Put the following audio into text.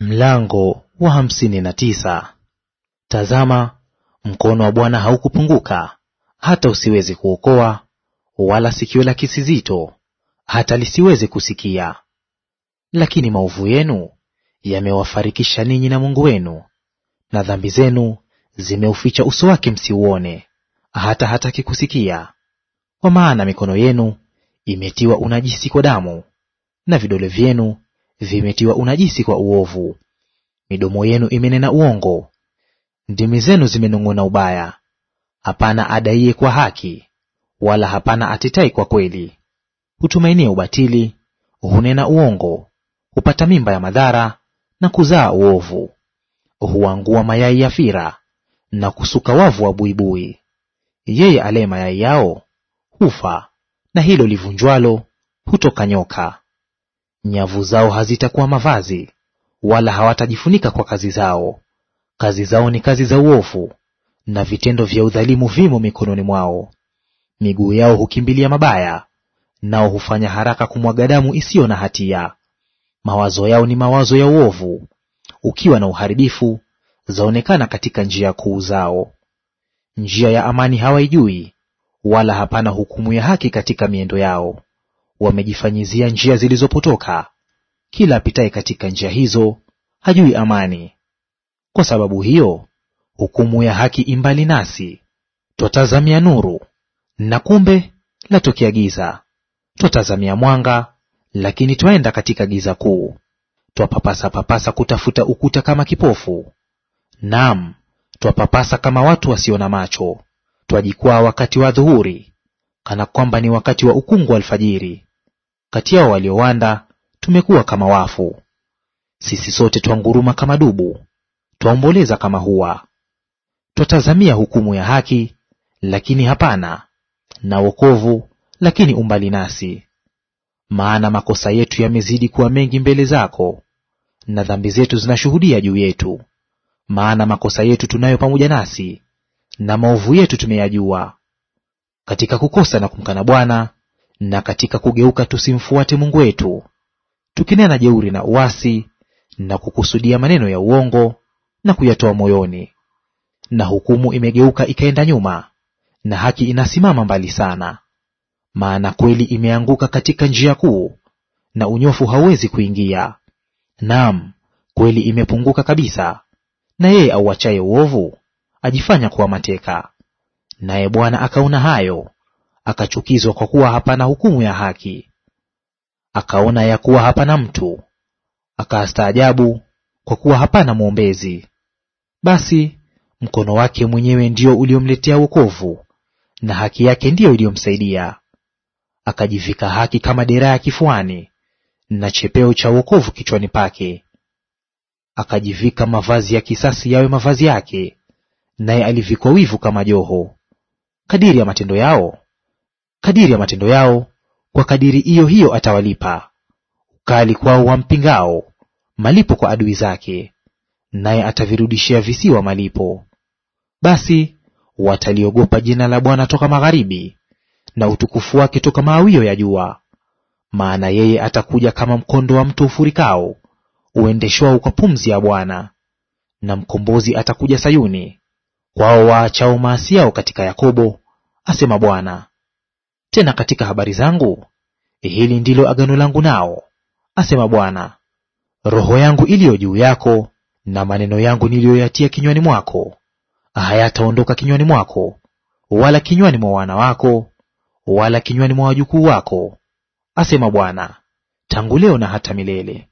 Mlango wa hamsini na tisa. Tazama, mkono wa Bwana haukupunguka hata usiwezi kuokoa, wala sikio la kisizito hata lisiweze kusikia. Lakini maovu yenu yamewafarikisha ninyi na Mungu wenu, na dhambi zenu zimeuficha uso wake msiuone, hata hataki kusikia. Kwa maana mikono yenu imetiwa unajisi kwa damu, na vidole vyenu vimetiwa unajisi kwa uovu, midomo yenu imenena uongo, ndimi zenu zimenong'ona ubaya. Hapana adaiye kwa haki, wala hapana atetai kwa kweli. Hutumainia ubatili, hunena uongo, hupata mimba ya madhara na kuzaa uovu. Huangua mayai ya fira na kusuka wavu wa buibui. Yeye alaye mayai yao hufa, na hilo livunjwalo hutoka nyoka. Nyavu zao hazitakuwa mavazi, wala hawatajifunika kwa kazi zao. Kazi zao ni kazi za uovu, na vitendo vya udhalimu vimo mikononi mwao. Miguu yao hukimbilia mabaya, nao hufanya haraka kumwaga damu isiyo na hatia. Mawazo yao ni mawazo ya uovu, ukiwa na uharibifu zaonekana katika njia kuu zao. Njia ya amani hawaijui, wala hapana hukumu ya haki katika miendo yao wamejifanyizia njia zilizopotoka; kila apitaye katika njia hizo hajui amani. Kwa sababu hiyo hukumu ya haki imbali nasi; twatazamia nuru, na kumbe latokea giza; twatazamia mwanga, lakini twaenda katika giza kuu. Twapapasa papasa kutafuta ukuta kama kipofu; naam, twapapasa kama watu wasio na macho. Twajikwaa wakati wa dhuhuri, kana kwamba ni wakati wa ukungu wa alfajiri kati yao waliowanda tumekuwa kama wafu. Sisi sote twanguruma kama dubu, twaomboleza kama hua. Twatazamia hukumu ya haki, lakini hapana, na wokovu, lakini umbali nasi. Maana makosa yetu yamezidi kuwa mengi mbele zako, na dhambi zetu zinashuhudia juu yetu. Maana makosa yetu tunayo pamoja nasi, na maovu yetu tumeyajua. Katika kukosa na kumkana Bwana na katika kugeuka tusimfuate Mungu wetu, tukinena jeuri na uasi na kukusudia maneno ya uongo na kuyatoa moyoni. Na hukumu imegeuka ikaenda nyuma, na haki inasimama mbali sana. Maana kweli imeanguka katika njia kuu, na unyofu hauwezi kuingia. Naam, kweli imepunguka kabisa, na yeye auachaye uovu ajifanya kuwa mateka. Naye Bwana akaona hayo, akachukizwa kwa kuwa hapana hukumu ya haki. Akaona ya kuwa hapana mtu, akaastaajabu kwa kuwa hapana mwombezi. Basi mkono wake mwenyewe ndio uliomletea wokovu, na haki yake ndiyo iliyomsaidia. Akajivika haki kama dera ya kifuani, na chepeo cha wokovu kichwani pake. Akajivika mavazi ya kisasi yawe mavazi yake, naye alivikwa wivu kama joho. Kadiri ya matendo yao kadiri ya matendo yao, kwa kadiri iyo hiyo atawalipa. Ukali kwao wampingao, malipo kwa adui zake, naye atavirudishia visiwa malipo. Basi wataliogopa jina la Bwana toka magharibi, na utukufu wake toka maawio ya jua. Maana yeye atakuja kama mkondo wa mto ufurikao, uendeshwao kwa pumzi ya Bwana. Na mkombozi atakuja Sayuni, kwao waachao maasi yao katika Yakobo, asema Bwana. Tena katika habari zangu hili ndilo agano langu nao, asema Bwana: Roho yangu iliyo juu yako na maneno yangu niliyoyatia kinywani mwako hayataondoka kinywani mwako, wala kinywani mwa wana wako, wala kinywani mwa wajukuu wako, asema Bwana, tangu leo na hata milele.